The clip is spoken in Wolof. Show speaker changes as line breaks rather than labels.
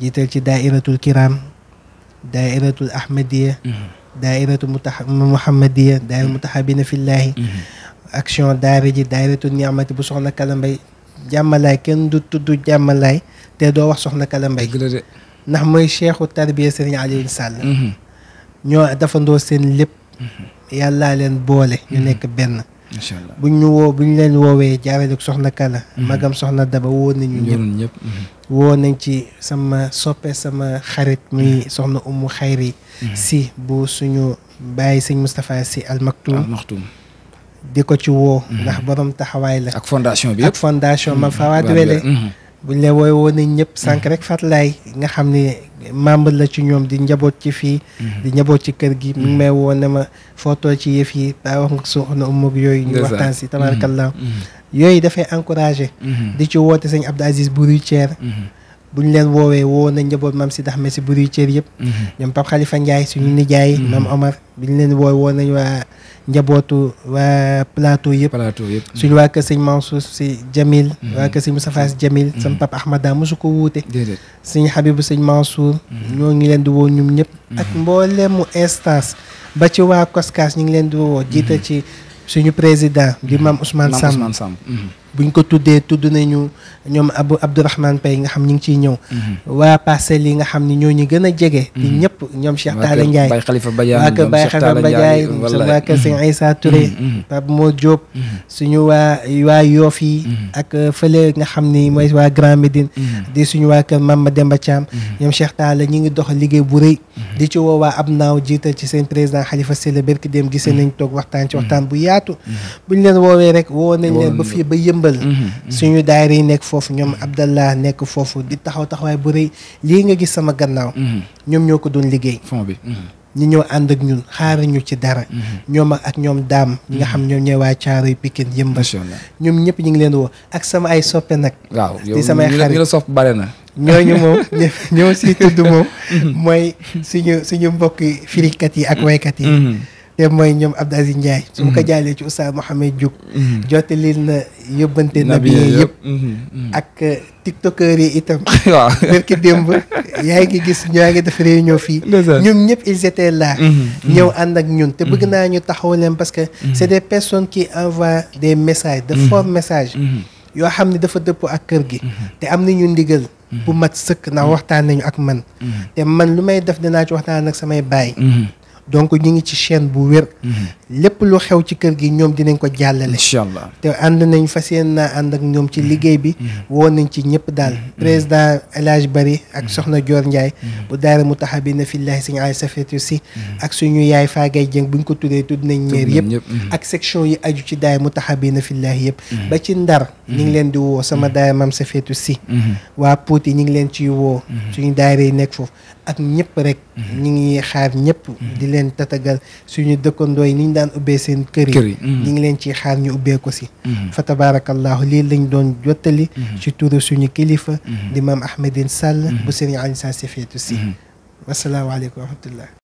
جيت لك دائرة الكرام دائرة الأحمدية دائرة المحمدية دائرة المتحابين في الله أكشن دارجي دائرة النعمة بصحنا كلام بي جمالاي كن دو تدو جمالاي تدو وصحنا كلام بي نحن موي شيخ التربية سرين عليه السلام نيو دفن دو سين لب يالا لين بولي ينك بينا incha allah buñ ñu woo ñu leen woowee jaaree ak soxna Kala. Mhm. magam soxna Daba woo nañu ñëpp mhm. woo nañ ci sama soppe sama xarit muy mhm. soxna Umu Xayri. si bu suñu bàyyi sëñ Moustapha si almaktum almaktum di ko ci woo. ndax borom taxawaay la. ak fondation bi ak fondation ma faawaati wele. buñ la wooy woon nañ ñëpp sànq rek Fatlaay nga xam ne membre la ci ñoom di njaboot ci fii mhm. di njaboot ci kër gi mi mhm. ngi may woon ne ma footoo ci yëf yi daa wax nga soxna umag yooyu ñu waxtaan si mhm. tabaarkalla yooyu defee encouragé di ci woote sëñ Abdou Aziz Bourou ceer bu ñu leen woowee woo nañ njaboot mam si daxme si buri cër yëpp mhm. ñoom Pape Khalifa Ndiaye suñu mhm. nijaay mhm. maam Omar ñu leen wooy woo nañ waa njabootu waa plateau yëpp plateau yëpp suñu waa kër sëñ Mansour si Jamil waa kër sëñ Moustapha si Jamil sam mosu ko wuute suñu Habibu sëñ Mansour ñoo ngi leen di woo ñum ñëpp ak mboolemu instance ba ci waa Koskas ñu ngi leen di wowoo jiital ci suñu président di mam Ousmane Samb Ousmane Samb buñ ko tuddee tudd nañu ñoom Abdou Abdourahmane Pay nga xam ñu ngi ciy ñëw. Mhm. waa parcelles yi nga xam ni ñoo ñu gën a jege. Mhm. ñëpp ñoom Cheikh Talla Ndiaye. waa kër Baye Khalifa Badiane waa kër Baye Khalifa Badiane waa kër Sëñ mhm. Aïssa Touré. suñu waa waa Yoff yi. ak euh, fële nga xam ni mooy waa Grand Médine. di suñu waa kër Mame Demba Thiam. ñoom Cheikh Talla ñu ngi dox liggéey bu rëy. di ci woo waa naaw jiital ci seen président Khalifa Sall barki dem gisee nañ toog waxtaan ci waxtaan bu yaatu. buñ leen woowee ba fii ba yëmb yëmbal mhm, mhm. suñu daayira yi nekk foofu ñoom mhm. Abdallah nekk foofu di taxaw taxawaay bu rëy lii nga gis sama gannaaw ñoom ñoo ko doon liggéey fond bi ñi ñëw ànd ak ñun ñu ci dara ñoom ak ñoom daam ñi nga xam ñoom ñooy waa caaro yu Pikine yëmbal ñoom ñëpp ñu ngi leen woo ak sama ay soppe nag waaw la sopp bare na ñooñu moom ñoo si tudd moom mooy suñu suñu mbokki firikat yi ak waykat yi te mooy ñoom Abdou Aziz Ndiaye. su ma ko mm-hmm. jaalee ci Oustaz Mouhamed Diouf. Mm-hmm. jottalil na yóbbante nabi yëpp. Mm-hmm. ak euh, tiktokers yi itam. waaw barki yaa ngi gis ñaa def réunion fii. ñoom ñëpp ils étaient là. ñëw ànd ak ñun te bëgg naa ñu taxaw leen parce que. c' est des personnes qui envoient des message de forts message yoo xam ne dafa dëppoo ak kër gi. te am nañu ndigal. bu mat sëkk ndax waxtaan nañu ak man. te man lu may def dinaa ci waxtaan ak samay baay. donc ñu ngi ci chaîne bu wér. lépp lu xew ci kër gi ñoom dinañ ko jàllale. incha allah te ànd nañ fas yéene naa ànd ak ñoom ci liggéey bi. woo nañ ci ñëpp daal. président El Hadj Bari ak soxna Dior Ndiaye. bu daara mu taxa bi na fillahi sëñ ay safetu si. ak suñu yaay Faagay Dieng buñ ko tuddee tudd nañ ñeer yëpp. ak section yi aju ci daara mu taxa bi na fillahi yëpp. ba ci ndar. ñu ngi leen di woo sama daara maam safetu si. waa Pout yi ñu ngi leen ciy woo. suñu daara yi nekk foofu ak ñëpp rek. ñu ngi xaar ñëpp di leen tatagal suñu dëkkandoo yi ni ñu daan ubbee seen kër yi ñu ngi leen ci xaar ñu ubbee ko si fa tabaarakallaahu lii lañ doon jottali ci turu suñu kilifa di maam Ahmedine Sall bu Serigne Alioune Sarr Safietou Sy wasalaamaaleykum wa rahmatullah